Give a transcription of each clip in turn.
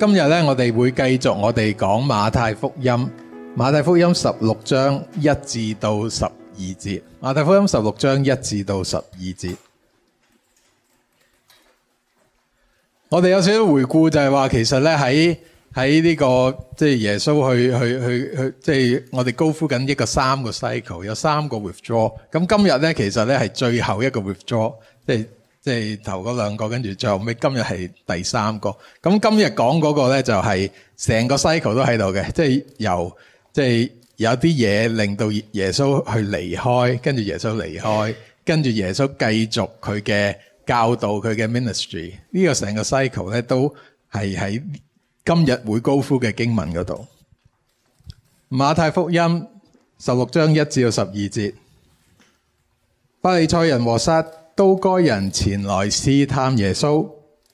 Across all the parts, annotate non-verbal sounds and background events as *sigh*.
今日咧，我哋會繼續我哋講馬太福音，馬太福音十六章一至到十二節，馬太福音十六章一至到十二節。我哋有少少回顧就，就係話其實咧喺，喺呢個即係耶穌去去去去，即係我哋高呼緊一個三個 cycle，有三個 withdraw。咁今日咧，其實咧係最後一個 withdraw，即係。即係頭嗰兩個，跟住最後尾今日係第三個。咁今日講嗰個咧就個係成個 cycle 都喺度嘅，即係由即係、就是、有啲嘢令到耶穌去離開，跟住耶穌離開，跟住耶穌繼續佢嘅教導佢嘅 ministry。呢 minist 個成個 cycle 咧都係喺今日會高呼嘅經文嗰度。馬太福音十六章一至到十二節，法利賽人和塞。都該人前來試探耶穌，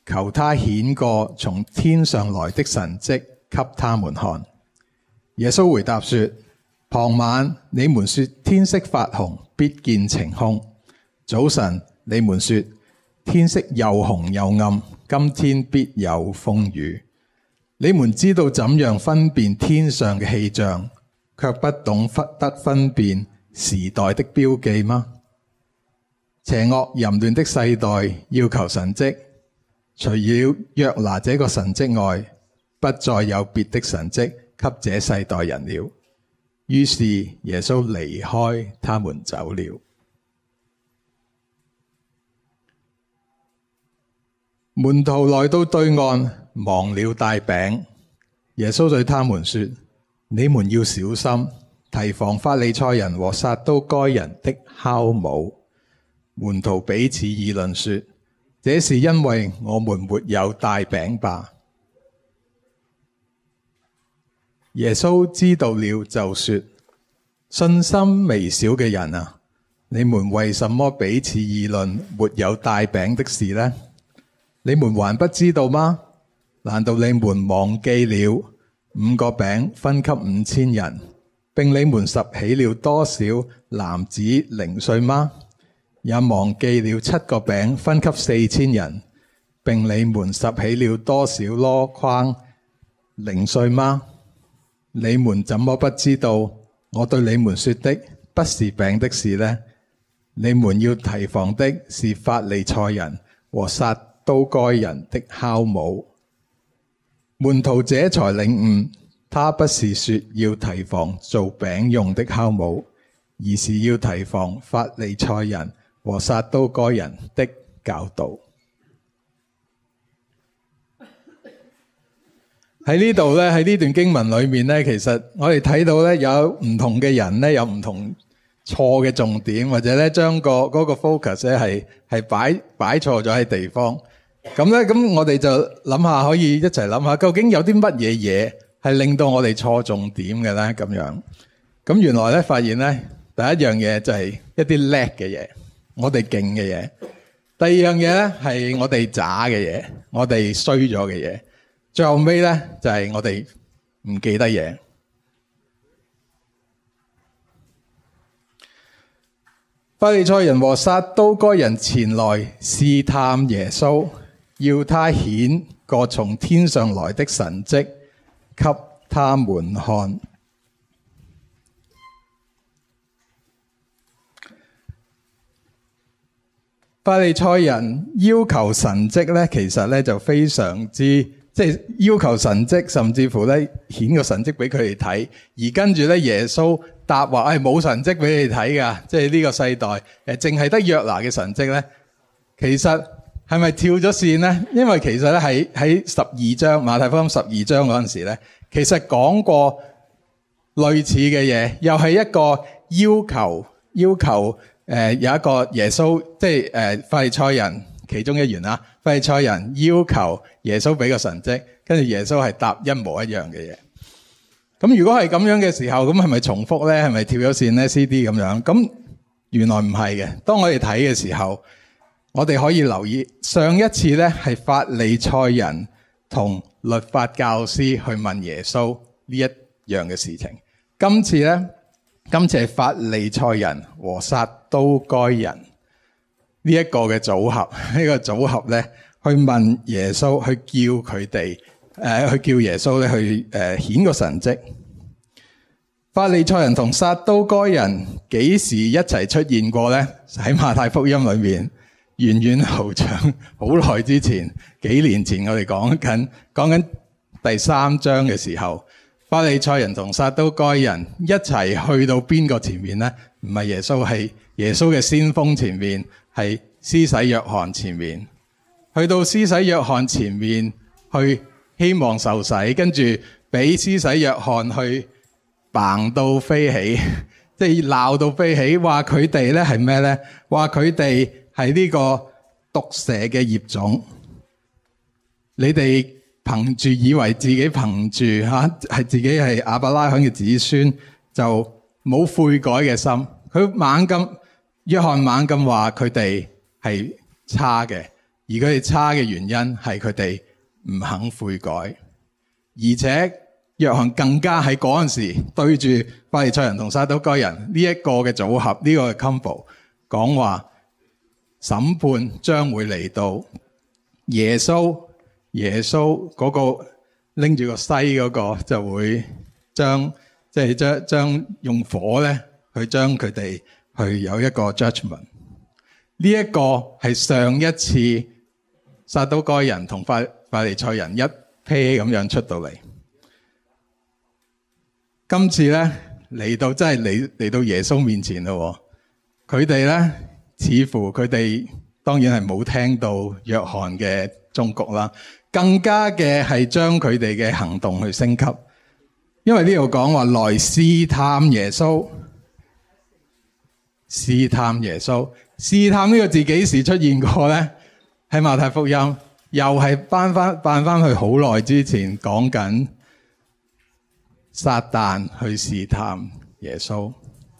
求他顯過從天上來的神蹟給他們看。耶穌回答說：傍晚你們說天色發紅，必見晴空；早晨你們說天色又紅又暗，今天必有風雨。你們知道怎樣分辨天上嘅氣象，卻不懂得分辨時代的標記嗎？邪惡淫亂的世代要求神迹，除了約拿這個神迹外，不再有別的神迹給這世代人了。於是耶穌離開他們走了。門徒來到對岸，忘了帶餅。耶穌對他們說：你們要小心提防法利賽人和撒都該人的酵母。」門徒彼此議論說，這是因為我們沒有帶餅吧？耶穌知道了，就說：信心微小嘅人啊，你們為什麼彼此議論沒有帶餅的事呢？你們還不知道嗎？難道你們忘記了五個餅分給五千人，並你們拾起了多少男子零碎嗎？也忘記了七個餅分給四千人，並你們拾起了多少籮筐零碎嗎？你們怎麼不知道我對你們說的不是餅的事呢？你們要提防的是法利賽人和撒都該人的酵母。門徒這才領悟，他不是說要提防做餅用的酵母，而是要提防法利賽人。和殺到該人的教導喺呢度咧，喺呢段經文裏面咧，其實我哋睇到咧有唔同嘅人咧，有唔同錯嘅重點，或者咧將個嗰個 focus 咧係係擺擺錯咗喺地方咁咧。咁我哋就諗下可以一齊諗下，究竟有啲乜嘢嘢係令到我哋錯重點嘅咧？咁樣咁原來咧發現咧，第一樣嘢就係一啲叻嘅嘢。我哋勁嘅嘢，第二樣嘢咧係我哋渣嘅嘢，我哋衰咗嘅嘢，最後尾咧就係我哋唔記得嘢。 *noise* 巴利賽人和撒都該人前來試探耶穌，要他顯個從天上來的神蹟給他們看。法利賽人要求神蹟咧，其實咧就非常之即係要求神蹟，甚至乎咧顯個神蹟俾佢哋睇。而跟住咧耶穌答話：誒、哎、冇神蹟俾你睇噶，即係呢個世代誒淨係得約拿嘅神蹟咧。其實係咪跳咗線咧？因為其實咧喺喺十二章馬太福音十二章嗰陣時咧，其實講過類似嘅嘢，又係一個要求要求。誒、呃，有一個耶穌，即係誒、呃、法利賽人其中一員啦。法利賽人要求耶穌俾個神跡，跟住耶穌係答一模一樣嘅嘢。咁如果係咁樣嘅時候，咁係咪重複咧？係咪跳咗線咧？C D 咁樣？咁原來唔係嘅。當我哋睇嘅時候，我哋可以留意上一次咧係法利賽人同律法教師去問耶穌呢一樣嘅事情，今次咧。今次係法利賽人和撒都該人呢一個嘅組合，呢、這個組合咧去問耶穌，去叫佢哋誒去叫耶穌咧去誒、呃、顯個神蹟。法利賽人同撒都該人幾時一齊出現過咧？喺馬太福音裏面遠遠好長，好耐之前，幾年前我哋講緊講緊第三章嘅時候。巴利賽人同撒都該人一齊去到邊個前面呢？唔係耶穌，係耶穌嘅先鋒前面，係施洗約翰前面。去到施洗約翰前面，去希望受洗，跟住俾施洗約翰去掹到飛起，即係鬧到飛起，話佢哋咧係咩呢？話佢哋係呢個毒蛇嘅業種，你哋。憑住以為自己憑住吓，係、啊、自己係亞伯拉罕嘅子孫，就冇悔改嘅心。佢猛咁，約翰猛咁話佢哋係差嘅，而佢哋差嘅原因係佢哋唔肯悔改。而且約翰更加喺嗰陣時對住法利賽人同撒都該人呢一個嘅組合呢、這個 combo 講話，審判將會嚟到，耶穌。耶穌嗰個拎住個西嗰個就會將即係將將用火咧去將佢哋去有一個 judgment，呢一個係上一次撒都該人同法法利賽人一 pair 咁樣出到嚟。今次咧嚟到真係嚟嚟到耶穌面前喎。佢哋咧，似乎佢哋當然係冇聽到約翰嘅終局，啦。更加嘅係將佢哋嘅行動去升級，因為呢度講話來試探耶穌，試探耶穌，試探呢個字幾時出現過呢？喺馬太福音，又係翻翻扮翻去好耐之前講緊撒旦去試探耶穌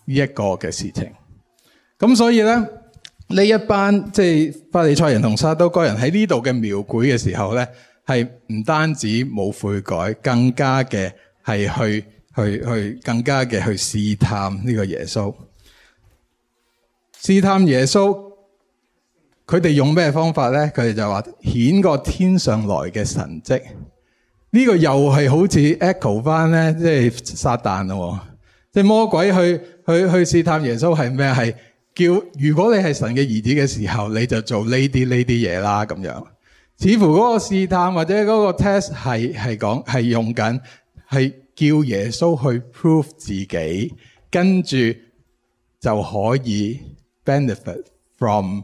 呢一個嘅事情，咁所以呢。呢一班即係法利賽人同撒都該人喺呢度嘅描繪嘅時候咧，係唔單止冇悔改，更加嘅係去去去更加嘅去試探呢個耶穌。試探耶穌，佢哋用咩方法咧？佢哋就話顯個天上來嘅神跡。呢、這個又係好似 echo 翻咧，即係撒旦咯，即係魔鬼去去去試探耶穌係咩係？叫如果你係神嘅兒子嘅時候，你就做呢啲呢啲嘢啦，咁樣似乎嗰個試探或者嗰個 test 係係講係用緊係叫耶穌去 prove 自己，跟住就可以 benefit from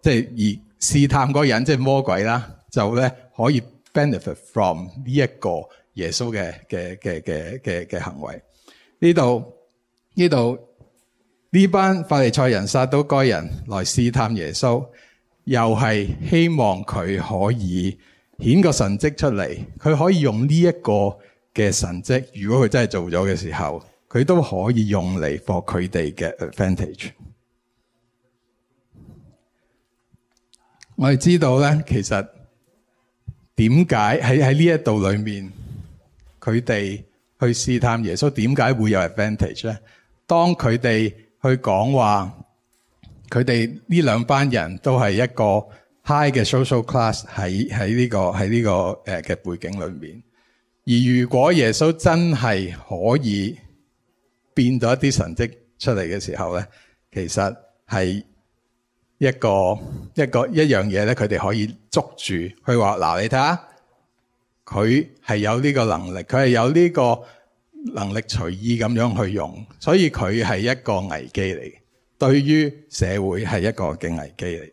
即係而試探嗰人，即係、就是、魔鬼啦，就咧可以 benefit from 呢一個耶穌嘅嘅嘅嘅嘅嘅行為呢度呢度。呢班法利賽人、撒都該人來試探耶穌，又係希望佢可以顯個神蹟出嚟。佢可以用呢一個嘅神蹟，如果佢真係做咗嘅時候，佢都可以用嚟博佢哋嘅 advantage。我哋知道咧，其實點解喺喺呢一度裏面，佢哋去試探耶穌，點解會有 advantage 咧？當佢哋去講話，佢哋呢兩班人都係一個 high 嘅 social class 喺喺呢個喺呢個誒嘅背景裏面。而如果耶穌真係可以變到一啲神跡出嚟嘅時候咧，其實係一個一個一樣嘢咧，佢哋可以捉住去話嗱、呃，你睇下佢係有呢個能力，佢係有呢個。能力隨意咁樣去用，所以佢係一個危機嚟，對於社會係一個嘅危機嚟。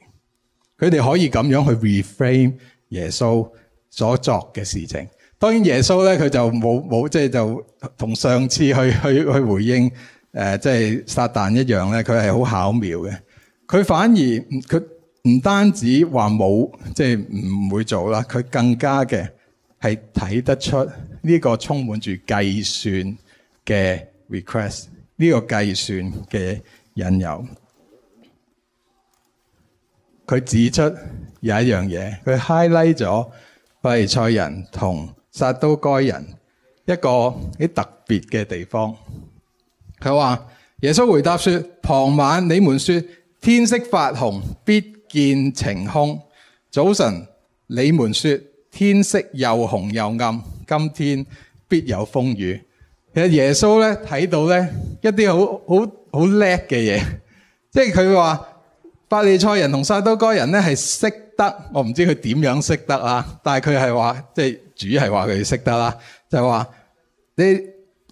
佢哋可以咁樣去 reframe 耶穌所作嘅事情。當然耶穌咧，佢就冇冇即係就同、是、上次去去去回應即係、呃即係、撒旦一樣咧，佢係好巧妙嘅。佢反而佢唔單止話冇即係唔會做啦，佢更加嘅係睇得出。呢個充滿住計算嘅 request，呢個計算嘅引誘。佢指出有一樣嘢，佢 highlight 咗法利賽人同撒都該人一個啲特別嘅地方。佢話：耶穌回答說，傍晚你們說天色發紅，必見晴空；早晨你們說天色又紅又暗。今天必有風雨。其實耶穌咧睇到咧一啲好好好叻嘅嘢，即係佢話法利賽人同撒都該人咧係識得，我唔知佢點樣識得啊。但係佢係話，即係主係話佢哋識得啦，就係話你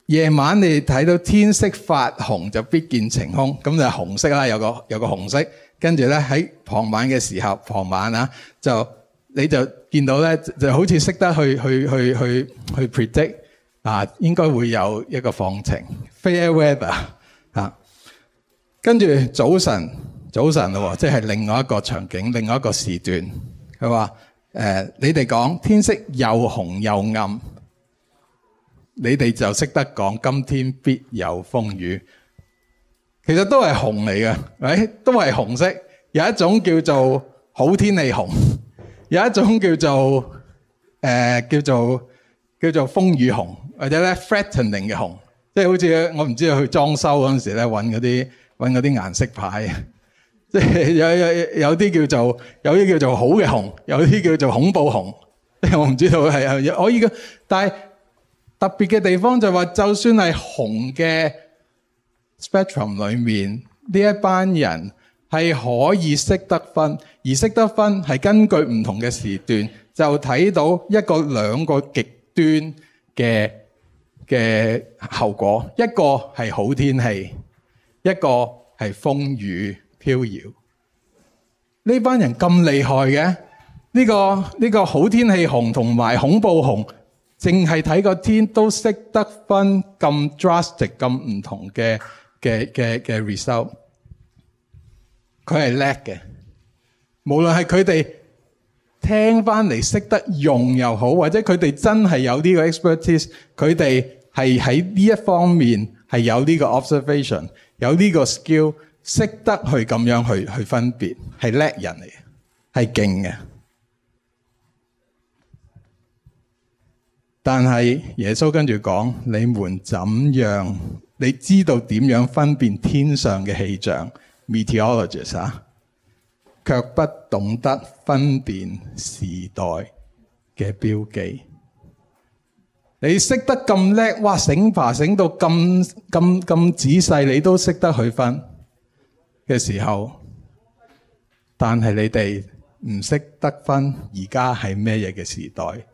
夜晚你睇到天色發紅就必見晴空，咁就紅色啦，有個有個紅色，跟住咧喺傍晚嘅時候，傍晚啊就你就。見到咧就好似識得去去去去去 predict 啊，應該會有一個放晴。fair weather 啊，跟住早晨早晨嘞喎，即係另外一個場景，另外一個時段。佢話：呃，你哋講天色又紅又暗，你哋就識得講今天必有風雨。其實都係紅嚟嘅，都係紅色。有一種叫做好天氣紅。有一種叫做誒、呃、叫做叫做風雨紅，或者咧 threatening 嘅紅，即係好似我唔知道去裝修嗰陣時咧揾嗰啲揾嗰啲顏色牌，即係有有有啲叫做有啲叫做好嘅紅，有啲叫做恐怖紅，即係我唔知道係可以嘅。但係特別嘅地方就話，就算係紅嘅 spectrum 裏面，呢一班人係可以識得分。而識得分係根據唔同嘅時段，就睇到一個兩個極端嘅嘅後果，一個係好天氣，一個係風雨飄搖。呢班人咁厲害嘅，呢個呢個好天氣紅同埋恐怖紅，淨係睇個天都識得分咁 drastic 咁唔同嘅嘅嘅嘅 result。佢係叻嘅。無論係佢哋聽翻嚟識得用又好，或者佢哋真係有呢個 expertise，佢哋係喺呢一方面係有呢個 observation，有呢個 skill，識得去咁樣去去分辨，係叻人嚟，係勁嘅。但係耶穌跟住講：你們怎樣，你知道點樣分辨天上嘅氣象？Meteorologist 啊。卻不懂得分辨時代嘅標記。你識得咁叻，哇！醒法醒到咁咁咁仔細，你都識得去分嘅時候，但係你哋唔識得分而家係咩嘢嘅時代？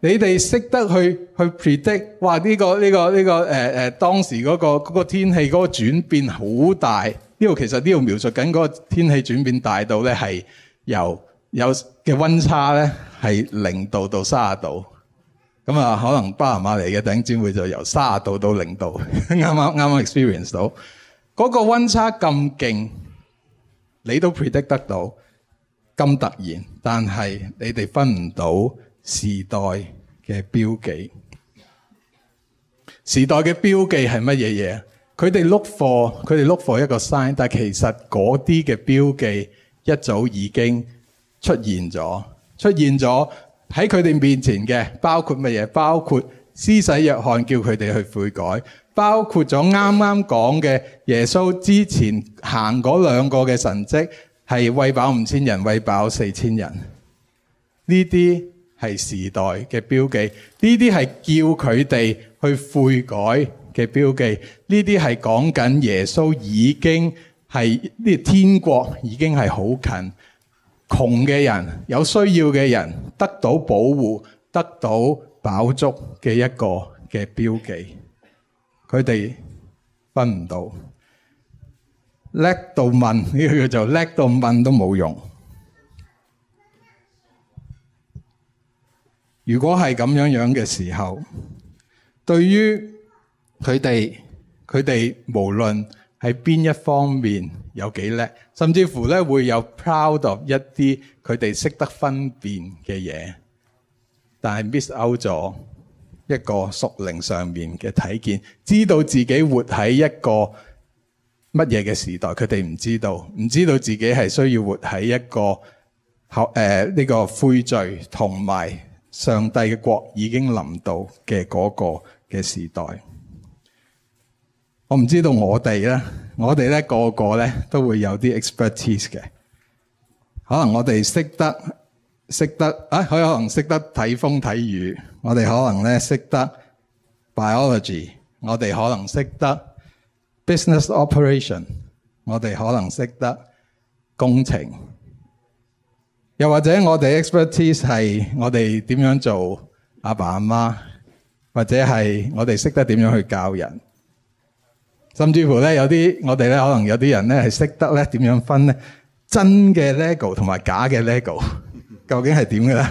你哋識得去去 predict，哇！呢個呢個呢個誒誒當時嗰個嗰個天氣嗰個轉變好大。呢度其實呢度描述緊嗰個天氣轉變大到咧，係由有嘅溫差咧，係零度到三十度，咁啊可能巴拿馬嚟嘅頂尖會就由三十度到零度，啱啱啱啱 experience 到嗰個溫差咁勁，你都 predict 得到咁突然，但係你哋分唔到時代嘅標記，時代嘅標記係乜嘢嘢？佢哋 look for，佢哋 look for 一個 sign，但其實嗰啲嘅標記一早已經出現咗，出現咗喺佢哋面前嘅，包括乜嘢？包括施洗約翰叫佢哋去悔改，包括咗啱啱講嘅耶穌之前行嗰兩個嘅神跡，係餵飽五千人，餵飽四千人。呢啲係時代嘅標記，呢啲係叫佢哋去悔改。嘅標記，呢啲係講緊耶穌已經係啲天國已經係好近，窮嘅人有需要嘅人得到保護、得到飽足嘅一個嘅標記，佢哋分唔到，叻到問呢個就叻到問都冇用。如果係咁樣樣嘅時候，對於佢哋佢哋無論喺邊一方面有幾叻，甚至乎咧會有 proud of 一啲佢哋識得分辨嘅嘢，但係 miss out 咗一個屬靈上面嘅睇見，知道自己活喺一個乜嘢嘅時代。佢哋唔知道，唔知道自己係需要活喺一個學誒呢個悔罪同埋上帝嘅國已經臨到嘅嗰個嘅時代。我唔知道我哋咧，我哋咧個個咧都會有啲 expertise 嘅。可能我哋識得識得啊，佢可能識得睇風睇雨。我哋可能咧識得 biology。我哋可能識得 business operation。我哋可能識得工程。又或者我哋 expertise 係我哋點樣做阿爸阿媽，媽，或者係我哋識得點樣去教人。甚至乎咧，有啲我哋咧，可能有啲人咧係識得咧點樣分咧，真嘅 lego 同埋假嘅 lego，究竟係點嘅咧？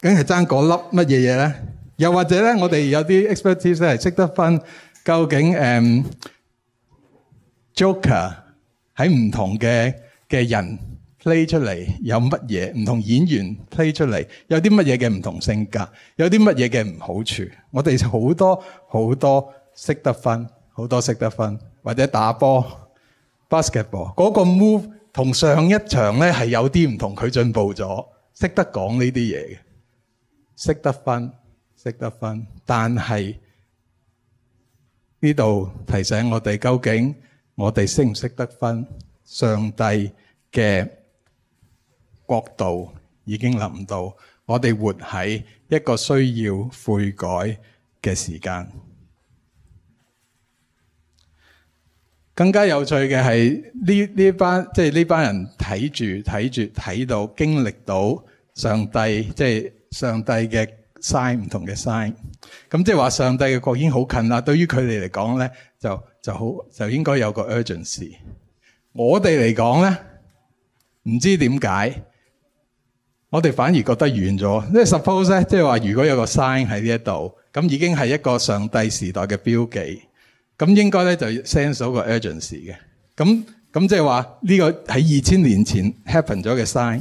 究竟係爭嗰粒乜嘢嘢咧？又或者咧，我哋有啲 expertise 咧係識得分，究竟誒 Joker 喺唔同嘅嘅人 play 出嚟有乜嘢？唔同演員 play 出嚟有啲乜嘢嘅唔同性格，有啲乜嘢嘅唔好處？我哋好多好多識得分。好多識得分，或者打波、basketball，嗰個 move 同上一場咧係有啲唔同，佢進步咗，識得講呢啲嘢嘅，識得分，識得分，但係呢度提醒我哋，究竟我哋識唔識得分？上帝嘅國度已經臨到，我哋活喺一個需要悔改嘅時間。更加有趣嘅係呢，呢班即係呢班人睇住，睇住，睇到經歷到上帝，即係上帝嘅 sign 唔同嘅 sign，咁即係話上帝嘅國已經好近啦。對於佢哋嚟講咧，就就好就應該有個 urgency。我哋嚟講咧，唔知點解，我哋反而覺得遠咗。即係 suppose 咧，即係話如果有個 sign 喺呢一度，咁已經係一個上帝時代嘅標記。咁應該咧就 sense 到個 urgency 嘅，咁咁即係話呢個喺二千年前 happen 咗嘅 sign，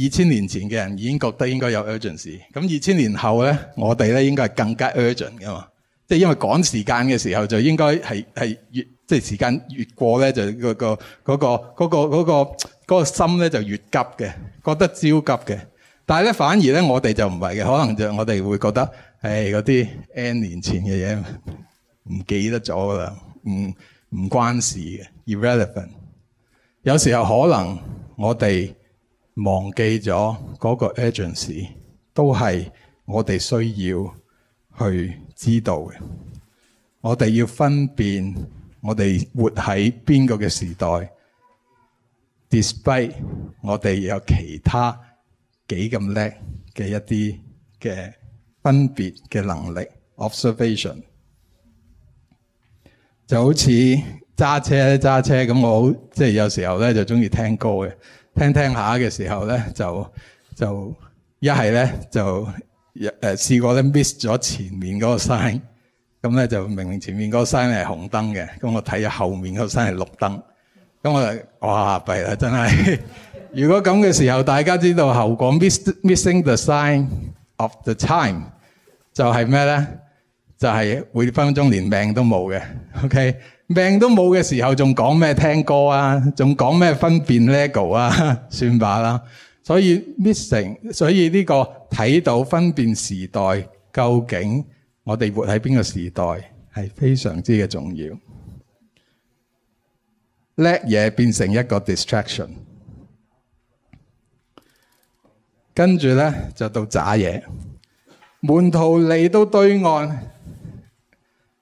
二千年前嘅人已經覺得應該有 urgency，咁二千年後咧我哋咧應該係更加 urgent 嘅嘛，即係因為趕時間嘅時候就應該係係越即係、就是、時間越過咧就、嗰個、嗰個、嗰個、嗰個、嗰個、嗰個心咧就越急嘅，覺得焦急嘅，但係咧反而咧我哋就唔係嘅，可能就我哋會覺得誒嗰啲 n 年前嘅嘢。唔記得咗啦，唔唔關事嘅 irrelevant。有時候可能我哋忘記咗嗰個 agency，都係我哋需要去知道嘅。我哋要分辨我哋活喺邊個嘅時代，despite 我哋有其他幾咁叻嘅一啲嘅分別嘅能力 observation。就好似揸車揸車咁，我好即係有時候咧就中意聽歌嘅，聽聽下嘅時候咧就就一係咧就誒試過咧 miss 咗前面嗰個 sign，咁咧就明明前面嗰個 sign 係紅燈嘅，咁我睇下後面嗰個 sign 係綠燈，咁我哇弊啦，真係！如果咁嘅時候，大家知道後果，missing the sign of the time 就係咩咧？就係會分分鐘連命都冇嘅，OK？命都冇嘅時候，仲講咩聽歌啊？仲講咩分辨 Lego 啊？算吧啦。所以 missing，所以呢個睇到分辨時代，究竟我哋活喺邊個時代，係非常之嘅重要。叻嘢變成一個 distraction，跟住呢就到渣嘢。門徒嚟到對岸。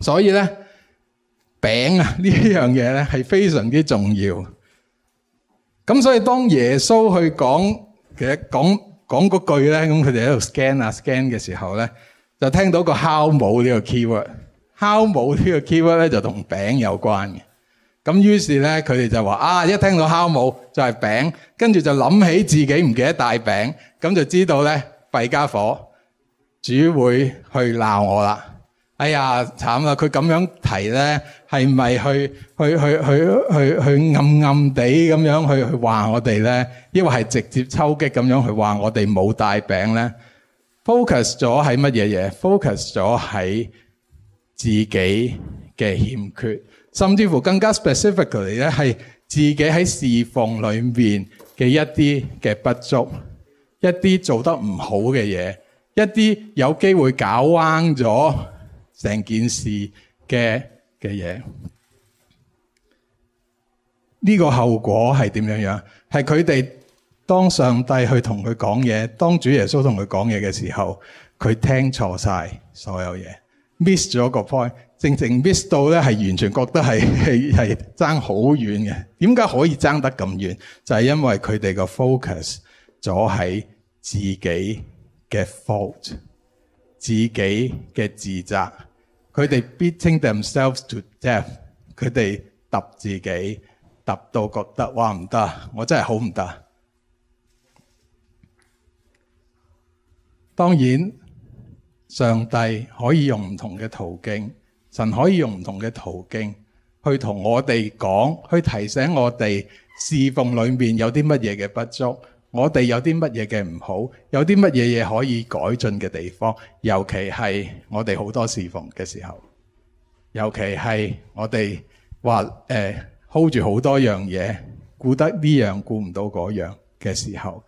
所以咧，餅啊呢樣嘢咧係非常之重要。咁所以當耶穌去講嘅講講嗰句咧，咁佢哋喺度 scan 啊 scan 嘅時候咧，就聽到個酵母呢個 keyword，酵母呢個 keyword 咧就同餅有關嘅。咁於是咧，佢哋就話啊，一聽到酵母就係餅，跟住就諗起自己唔記得帶餅，咁就知道咧弊家伙主會去鬧我啦。哎呀，慘啦！佢咁樣提咧，係咪去去去去去去暗暗地咁樣去去話我哋咧？抑或係直接抽擊咁樣去話我哋冇帶餅咧？focus 咗喺乜嘢嘢？focus 咗喺自己嘅欠缺，甚至乎更加 specifically 咧，係自己喺侍奉裏面嘅一啲嘅不足，一啲做得唔好嘅嘢，一啲有機會搞彎咗。成件事嘅嘅嘢，呢個後果係點樣樣？係佢哋當上帝去同佢講嘢，當主耶穌同佢講嘢嘅時候，佢聽錯晒所有嘢，miss 咗個 point，正正 miss 到咧，係完全覺得係係爭好遠嘅。點解可以爭得咁遠？就係因為佢哋個 focus 咗喺自己嘅 fault，自己嘅自責。佢哋 beating themselves to death，佢哋揼自己揼到覺得哇，唔得，我真係好唔得。當然，上帝可以用唔同嘅途徑，神可以用唔同嘅途徑去同我哋講，去提醒我哋侍奉裏面有啲乜嘢嘅不足。我哋有啲乜嘢嘅唔好，有啲乜嘢嘢可以改進嘅地方，尤其係我哋好多侍奉嘅時候，尤其係我哋話誒 hold 住好多樣嘢，顧得呢樣顧唔到嗰樣嘅時候，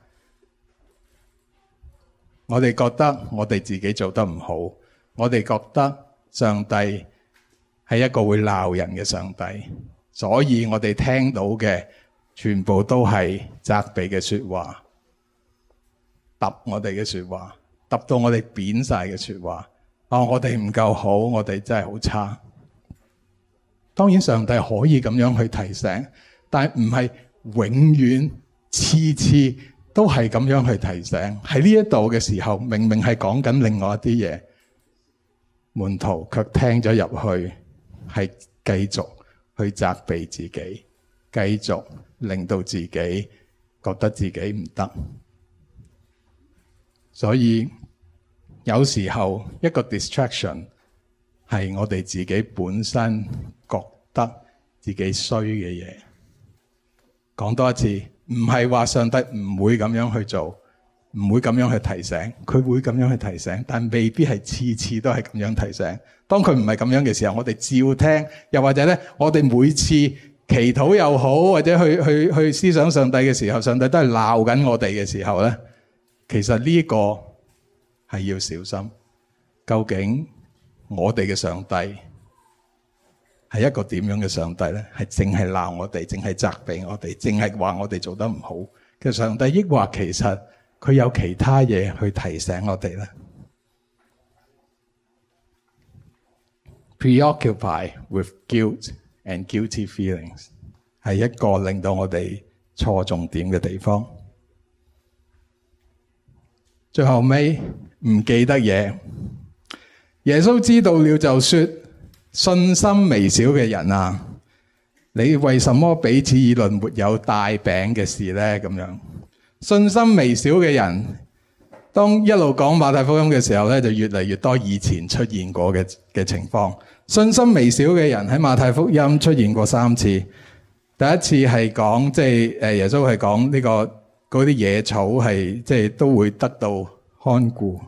我哋覺得我哋自己做得唔好，我哋覺得上帝係一個會鬧人嘅上帝，所以我哋聽到嘅。全部都係責備嘅說話，揼我哋嘅說話，揼到我哋扁晒嘅說話。啊、哦，我哋唔夠好，我哋真係好差。當然，上帝可以咁樣去提醒，但係唔係永遠次次都係咁樣去提醒。喺呢一度嘅時候，明明係講緊另外一啲嘢，門徒卻聽咗入去，係繼續去責備自己，繼續。令到自己覺得自己唔得，所以有時候一個 distraction 係我哋自己本身覺得自己衰嘅嘢。講多一次，唔係話上帝唔會咁樣去做，唔會咁樣去提醒，佢會咁樣去提醒，但未必係次次都係咁樣提醒。當佢唔係咁樣嘅時候，我哋照聽。又或者咧，我哋每次。祈禱又好，或者去去去思想上帝嘅時候，上帝都係鬧緊我哋嘅時候咧，其實呢一個係要小心。究竟我哋嘅上帝係一個點樣嘅上帝咧？係淨係鬧我哋，淨係責備我哋，淨係話我哋做得唔好。其實上帝抑或，其實佢有其他嘢去提醒我哋咧。Preoccupy with guilt. and guilty feelings 係一個令到我哋錯重點嘅地方。最後尾唔記得嘢，耶穌知道了就說：「信心微小嘅人啊，你為什麼彼此議論沒有帶餅嘅事呢。」咁樣，信心微小嘅人，當一路講馬太福音嘅時候咧，就越嚟越多以前出現過嘅嘅情況。信心微小嘅人喺馬太福音出現過三次。第一次係講即係誒，耶穌係講呢個嗰啲野草，係即係都會得到看顧。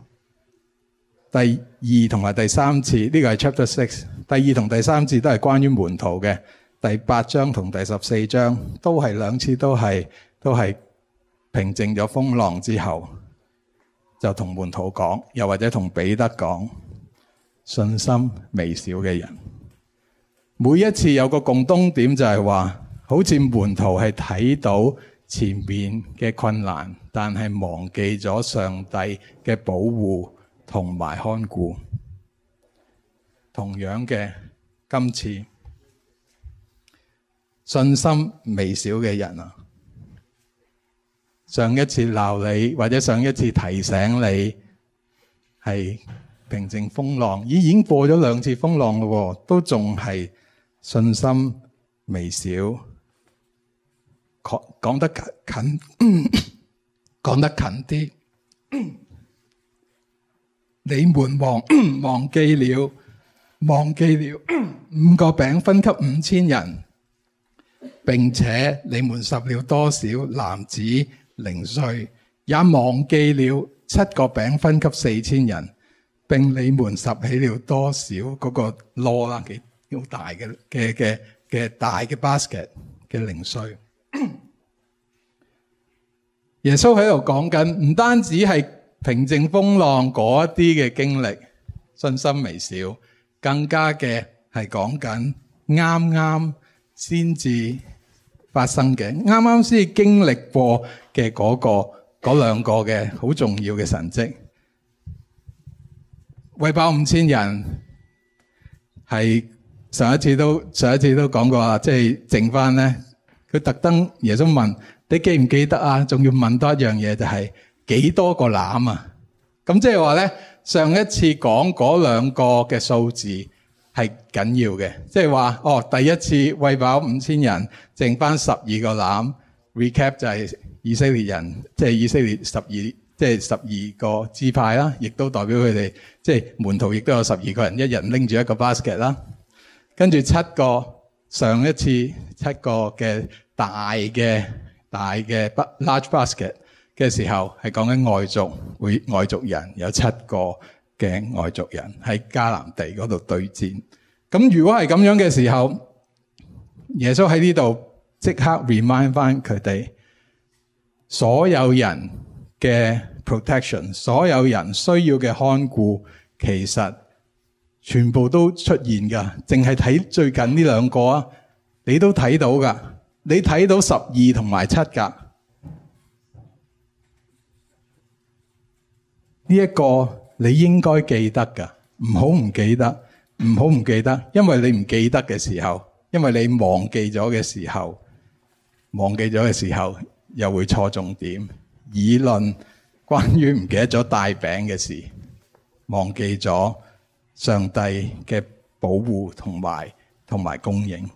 第二同埋第三次呢個係 chapter six，第二同第三次都係關於門徒嘅。第八章同第十四章都係兩次都係都係平靜咗風浪之後，就同門徒講，又或者同彼得講。信心微小嘅人，每一次有個共通點就係話，好似門徒係睇到前面嘅困難，但係忘記咗上帝嘅保護同埋看顧。同樣嘅今次，信心微小嘅人啊，上一次鬧你或者上一次提醒你係。是平靜風浪已已經過咗兩次風浪咯，都仲係信心微小。講講得近，講得近啲。你們忘忘記了忘記了五個餅分給五千人，並且你們拾了多少男子零碎，也忘記了七個餅分給四千人。並你們拾起了多少嗰個籮啦？幾好大嘅嘅嘅嘅大嘅 basket 嘅零碎。耶穌喺度講緊，唔單止係平靜風浪嗰一啲嘅經歷，信心微小，更加嘅係講緊啱啱先至發生嘅，啱啱先經歷過嘅嗰個嗰兩個嘅好重要嘅神蹟。喂飽五千人，係上一次都上一次都講過，即係剩翻咧，佢特登耶穌問：你記唔記得啊？仲要問多一樣嘢，就係，就係幾多個籃啊？咁即係話咧，上一次講嗰兩個嘅數字係緊要嘅，即係話哦，第一次喂飽五千人，剩翻十二個籃。recap 就係以色列人，即係以色列十二。即係十二個支派啦，亦都代表佢哋，即係門徒，亦都有十二個人，一人拎住一個 basket 啦。跟住七個上一次七個嘅大嘅大嘅 large basket 嘅時候，係講緊外族會外族人有七個嘅外族人喺迦南地嗰度對戰。咁如果係咁樣嘅時候，耶穌喺呢度即刻 remind 翻佢哋所有人。嘅 protection，所有人需要嘅看顧，其實全部都出現噶，淨係睇最近呢兩個啊，你都睇到噶，你睇到十二同埋七格呢一個，你應該記得噶，唔好唔記得，唔好唔記得，因為你唔記得嘅時候，因為你忘記咗嘅時候，忘記咗嘅時候又會錯重點。議論關於唔記得咗帶餅嘅事，忘記咗上帝嘅保護同埋同埋供應，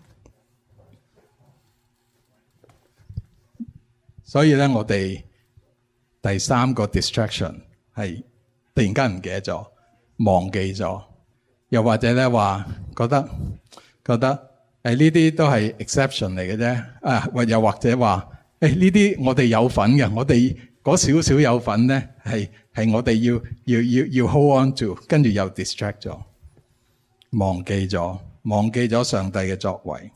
所以咧我哋第三個 distraction 係突然間唔記得咗，忘記咗，又或者咧話覺得覺得誒呢啲都係 exception 嚟嘅啫，啊或又或者話誒呢啲我哋有份嘅，我哋。嗰少少有份呢，係係我哋要要要要 hold on to，跟住又 distract 咗，忘記咗，忘記咗上帝嘅作為。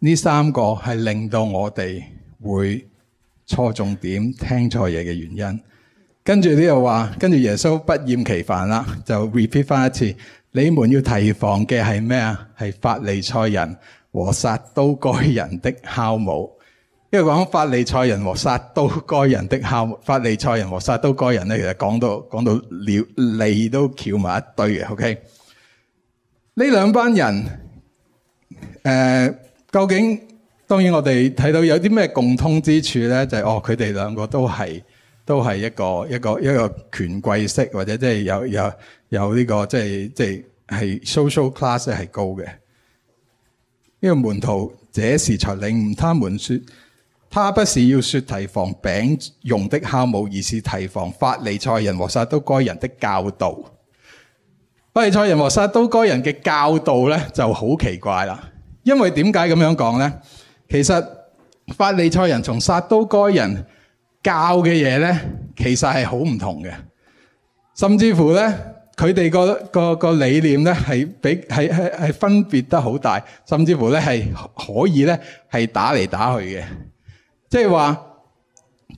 呢三個係令到我哋會錯重點、聽錯嘢嘅原因。跟住呢度話，跟住耶穌不厭其煩啦，就 repeat 翻一次：你們要提防嘅係咩啊？係法利賽人和撒都該人的酵母。因為講法利賽人和撒都該人的酵，法利賽人和撒都該人咧，其實講到講到了利都翹埋一堆嘅，OK？呢兩班人誒、呃，究竟當然我哋睇到有啲咩共通之處咧，就係、是、哦，佢哋兩個都係都係一個一個一個,一個權貴式或者即係有有有呢、這個即係即係係 social class 係高嘅。呢、這個門徒這時才領悟他們說。他不是要說提防餅用的酵母，而是提防法利賽人和撒都該人的教導。法利賽人和撒都該人的教導咧就好奇怪啦，因為點解咁樣講呢？其實法利賽人從撒都該人教嘅嘢咧，其實係好唔同嘅，甚至乎咧佢哋個個理念咧係比係分別得好大，甚至乎咧係可以咧係打嚟打去嘅。即係話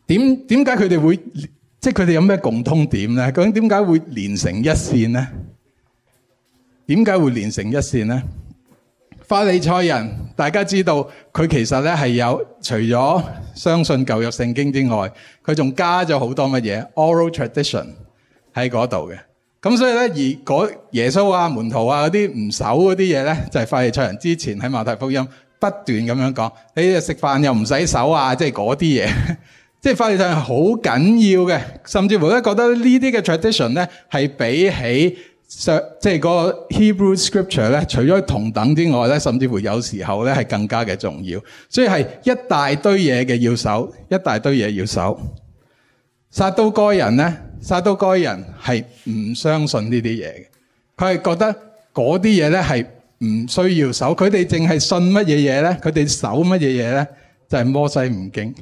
點點解佢哋會，即係佢哋有咩共通點咧？究竟點解會連成一線咧？點解會連成一線咧？法利賽人大家知道佢其實咧係有除咗相信舊約聖經之外，佢仲加咗好多乜嘢 oral tradition 喺嗰度嘅。咁所以咧而嗰耶穌啊門徒啊嗰啲唔守嗰啲嘢咧，就係、是、法利賽人之前喺馬太福音。不斷咁樣講，你食飯又唔洗手啊，即係嗰啲嘢，即係法律上係好緊要嘅，甚至乎都覺得呢啲嘅 tradition 咧係比起即係個 Hebrew Scripture 咧，除咗同等之外咧，甚至乎有時候咧係更加嘅重要。所以係一大堆嘢嘅要守，一大堆嘢要守。撒都該人咧，撒都該人係唔相信呢啲嘢嘅，佢係覺得嗰啲嘢咧係。唔需要守，佢哋淨係信乜嘢嘢呢？佢哋守乜嘢嘢呢？就係、是、摩西五經，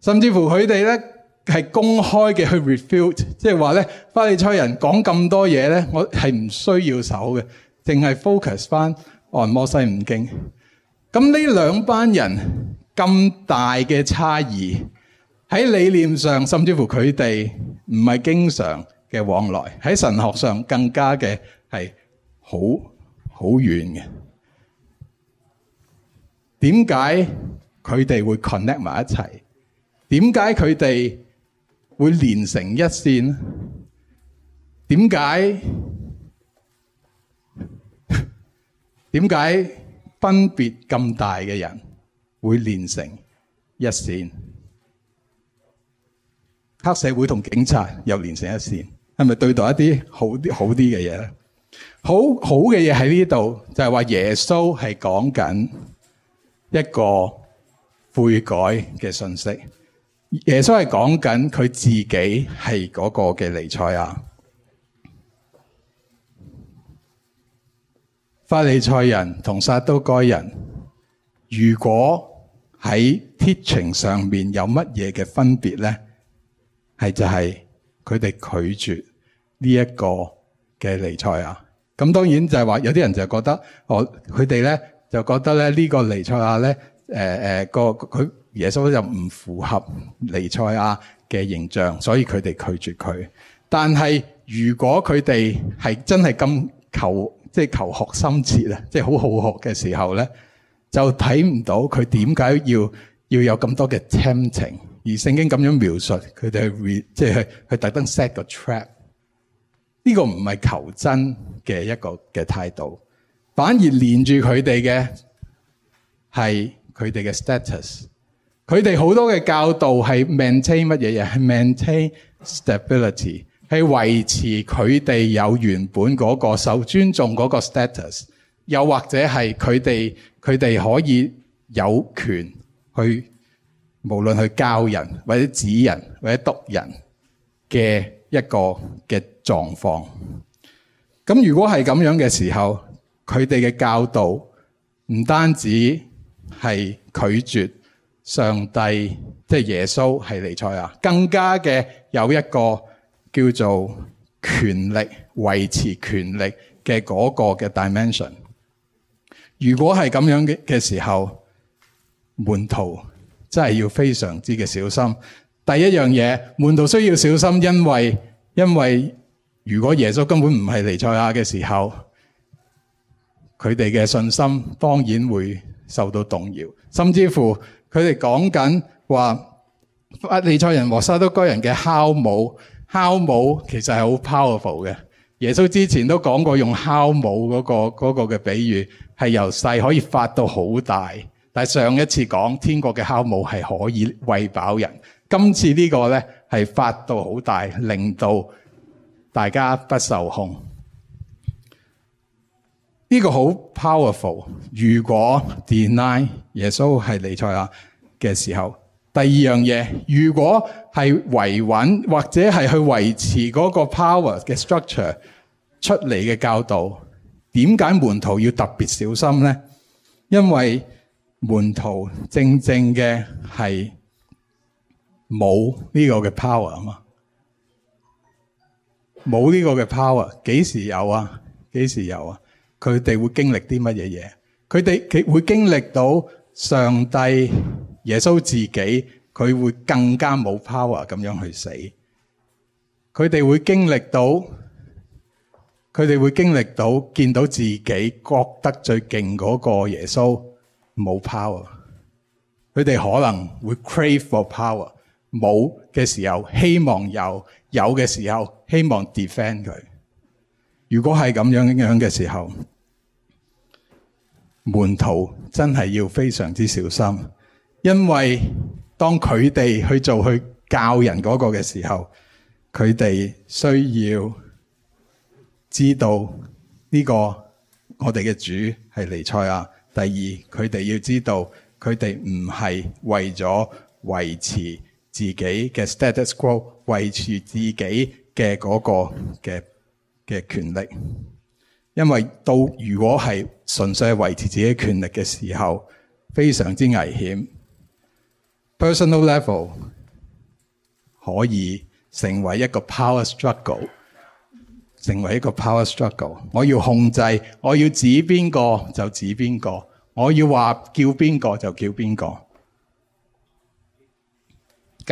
甚至乎佢哋呢係公開嘅去 refute，即係話呢，法利賽人講咁多嘢呢，我係唔需要守嘅，淨係 focus 翻按摩西五經。咁呢兩班人咁大嘅差異喺理念上，甚至乎佢哋唔係經常嘅往來喺神學上更加嘅係好。好遠嘅，點解佢哋會 connect 埋一齊？點解佢哋會連成一線？點解點解分別咁大嘅人會連成一線？黑社會同警察又連成一線，係咪對待一啲好啲好啲嘅嘢咧？好好嘅嘢，喺呢度就係話耶穌係講緊一個悔改嘅信息。耶穌係講緊佢自己係嗰個嘅彌賽亞。法利賽人同撒都該人如果喺貼情上面有乜嘢嘅分別咧？係就係佢哋拒絕呢一個嘅彌賽亞。咁當然就係話有啲人就覺得，哦佢哋咧就覺得咧呢個尼賽亞咧，誒誒個佢耶穌就唔符合尼賽亞嘅形象，所以佢哋拒絕佢。但係如果佢哋係真係咁求，即係求學心切咧，即係好好學嘅時候咧，就睇唔到佢點解要要有咁多嘅 tempting，而聖經咁樣描述佢哋會即係去特登 set 個 trap。呢個唔係求真嘅一個嘅態度，反而連住佢哋嘅係佢哋嘅 status。佢哋好多嘅教導係 maintain 乜嘢嘢，係 maintain stability，係維持佢哋有原本嗰個受尊重嗰個 status，又或者係佢哋佢哋可以有權去無論去教人或者指人或者督人嘅。一個嘅狀況，咁如果係咁樣嘅時候，佢哋嘅教導唔單止係拒絕上帝，即係耶穌係尼采啊，更加嘅有一個叫做權力維持權力嘅嗰個嘅 dimension。如果係咁樣嘅嘅時候，門徒真係要非常之嘅小心。第一樣嘢，門徒需要小心，因為因為如果耶穌根本唔係彌賽亞嘅時候，佢哋嘅信心當然會受到動搖，甚至乎佢哋講緊話法利賽人和撒都該人嘅酵母。酵母其實係好 powerful 嘅。耶穌之前都講過用酵母嗰、嗰個嗰嘅、嗰個、比喻，係由細可以發到好大。但上一次講天國嘅酵母係可以餵飽人。今次呢個呢係發到好大，令到大家不受控。呢個好 powerful。如果 deny 耶穌係彌賽亞嘅時候，第二樣嘢，如果係維穩或者係去維持嗰個 power 嘅 structure 出嚟嘅教導，點解門徒要特別小心呢？因為門徒正正嘅係。冇呢個嘅 power 啊嘛，冇呢個嘅 power，幾時有啊？幾時有啊？佢哋會經歷啲乜嘢嘢？佢哋佢會經歷到上帝耶穌自己，佢會更加冇 power 咁樣去死。佢哋會經歷到，佢哋會經歷到見到自己覺得最勁嗰個耶穌冇 power，佢哋可能會 crave for power。冇嘅時候希望有，有嘅時候希望 defend 佢。如果係咁樣樣嘅時候，門徒真係要非常之小心，因為當佢哋去做去教人嗰個嘅時候，佢哋需要知道呢個我哋嘅主係尼賽亞。第二，佢哋要知道佢哋唔係為咗維持。自己嘅 status quo 維持自己嘅嗰個嘅嘅權力，因為到如果係純粹係維持自己的權力嘅時候，非常之危險。Personal level 可以成為一個 power struggle，成為一個 power struggle。我要控制，我要指邊個就指邊個，我要話叫邊個就叫邊個。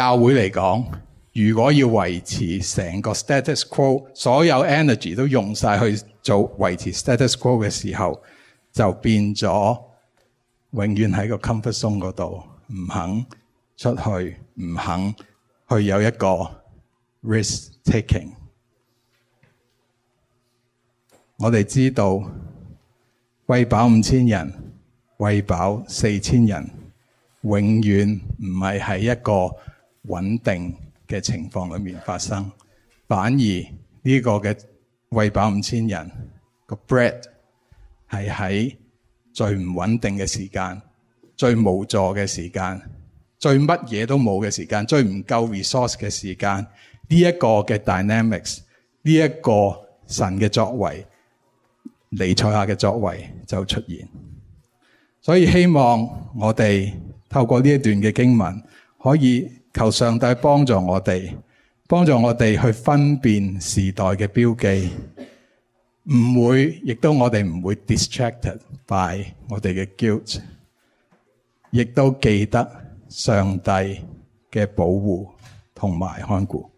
教會嚟講，如果要維持成個 status quo，所有 energy 都用晒去做維持 status quo 嘅時候，就變咗永遠喺個 comfort zone 嗰度，唔肯出去，唔肯去有一個 risk taking。我哋知道餵飽五千人，餵飽四千人，永遠唔係喺一個。穩定嘅情況裏面發生，反而呢個嘅餵飽五千人個 bread 係喺最唔穩定嘅時間、最無助嘅時間、最乜嘢都冇嘅時間、最唔夠 resource 嘅時間，呢一個嘅 dynamics，呢一個神嘅作為、彌賽亞嘅作為就出現。所以希望我哋透過呢一段嘅經文可以，求上帝幫助我哋，幫助我哋去分辨時代嘅標記，唔會，亦都我哋唔會 distracted by 我哋嘅 guilt，亦都記得上帝嘅保護同埋看顧。